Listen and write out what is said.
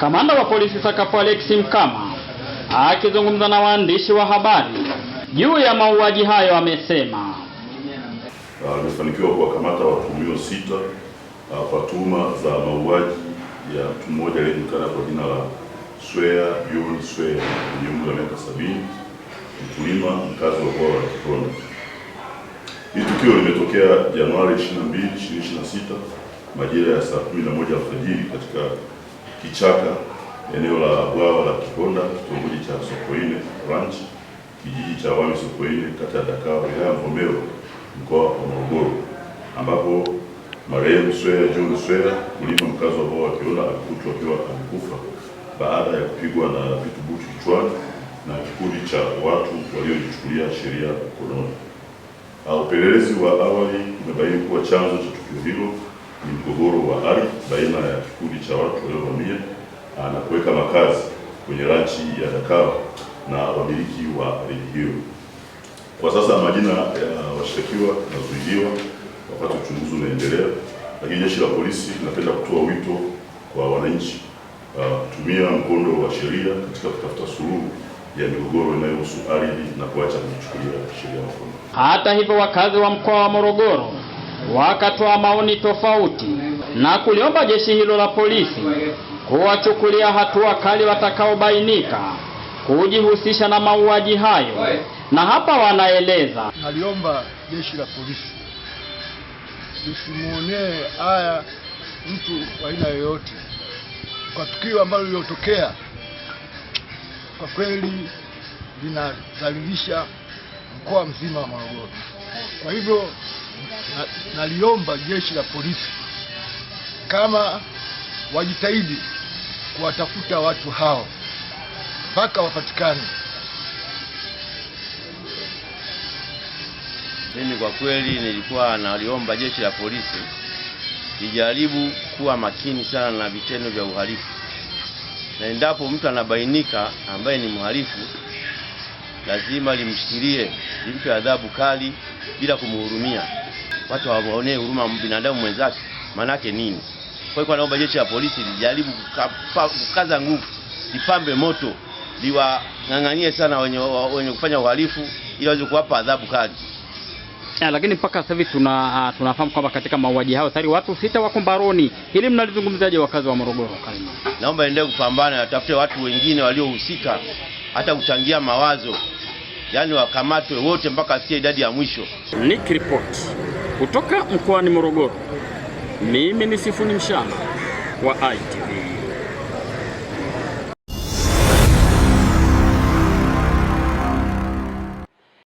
Kamanda wa polisi Sakafu Alexi Mkama akizungumza na waandishi wa habari juu ya mauaji hayo amesema ah, amefanikiwa kuwakamata watuhumiwa sita ah, kwa tuhuma za mauaji ya mtu mmoja aliyejulikana kwa jina la Swea John Swea mwenye umri wa miaka sabini, mkulima mkazi wa bwawa la hii Hili tukio limetokea Januari 22, 2026 majira ya saa 11 alfajiri katika Kichaka, eneo la bwawa la Kikonda, kitongoji cha Sokoine Ranch, kijiji cha Wami Sokoine, kata ya Dakawa, wilaya Mvomero, mkoa wa Morogoro, ambapo marehemu Swea John Swera, mlima mkazi wa bwawa wa Kikonda, alikutwa akiwa amekufa baada ya kupigwa na vitubuti kichwani na kikundi cha watu waliojichukulia sheria mkononi. Upelelezi wa awali umebaini kuwa chanzo cha tukio hilo ni mgogoro wa ardhi baina ya kikundi cha watu waliovamia ah, na kuweka makazi kwenye ranchi ya Dakawa na wamiliki wa ardhi hiyo. Kwa sasa majina ya washtakiwa yanazuiliwa wakati uchunguzi unaendelea, lakini jeshi la polisi linapenda kutoa wito kwa wananchi ah, kutumia uh, mkondo wa sheria katika kutafuta suluhu ya migogoro inayohusu ardhi na kuacha kuchukulia sheria mkono. Hata hivyo, wakazi wa mkoa wa Morogoro wakatoa maoni tofauti na kuliomba jeshi hilo la polisi kuwachukulia hatua kali watakaobainika kujihusisha na mauaji hayo. Na hapa wanaeleza, naliomba jeshi la polisi lisimwonee haya mtu aina yoyote kwa tukio ambalo lilotokea kwa kweli linadhalilisha mkoa mzima wa Morogoro. Kwa hivyo Naliomba na jeshi la polisi kama wajitahidi kuwatafuta watu hao mpaka wapatikane. Mimi kwa kweli nilikuwa naliomba jeshi la polisi lijaribu kuwa makini sana na vitendo vya uhalifu, na endapo mtu anabainika ambaye ni mhalifu, lazima limshikilie, limpe adhabu kali bila kumhurumia watu hawaonee huruma binadamu mwenzake, maanake nini? Kwa hiyo naomba jeshi la polisi lijaribu kukaza nguvu, lipambe moto, liwang'ang'anie sana wenye, wenye kufanya uhalifu ili waweze kuwapa adhabu kali. Ya, ah, lakini mpaka sasa hivi tuna, uh, tunafahamu kwamba katika mauaji hayo tayari watu sita wako mbaroni. Hili mnalizungumzaje wakazi wa Morogoro? Naomba endelee kupambana, watafute watu wengine waliohusika, hata kuchangia mawazo, yaani wakamatwe wote mpaka asikie idadi ya mwisho. Nikiripoti kutoka mkoani Morogoro, mimi ni Sifuni Mshana wa ITV.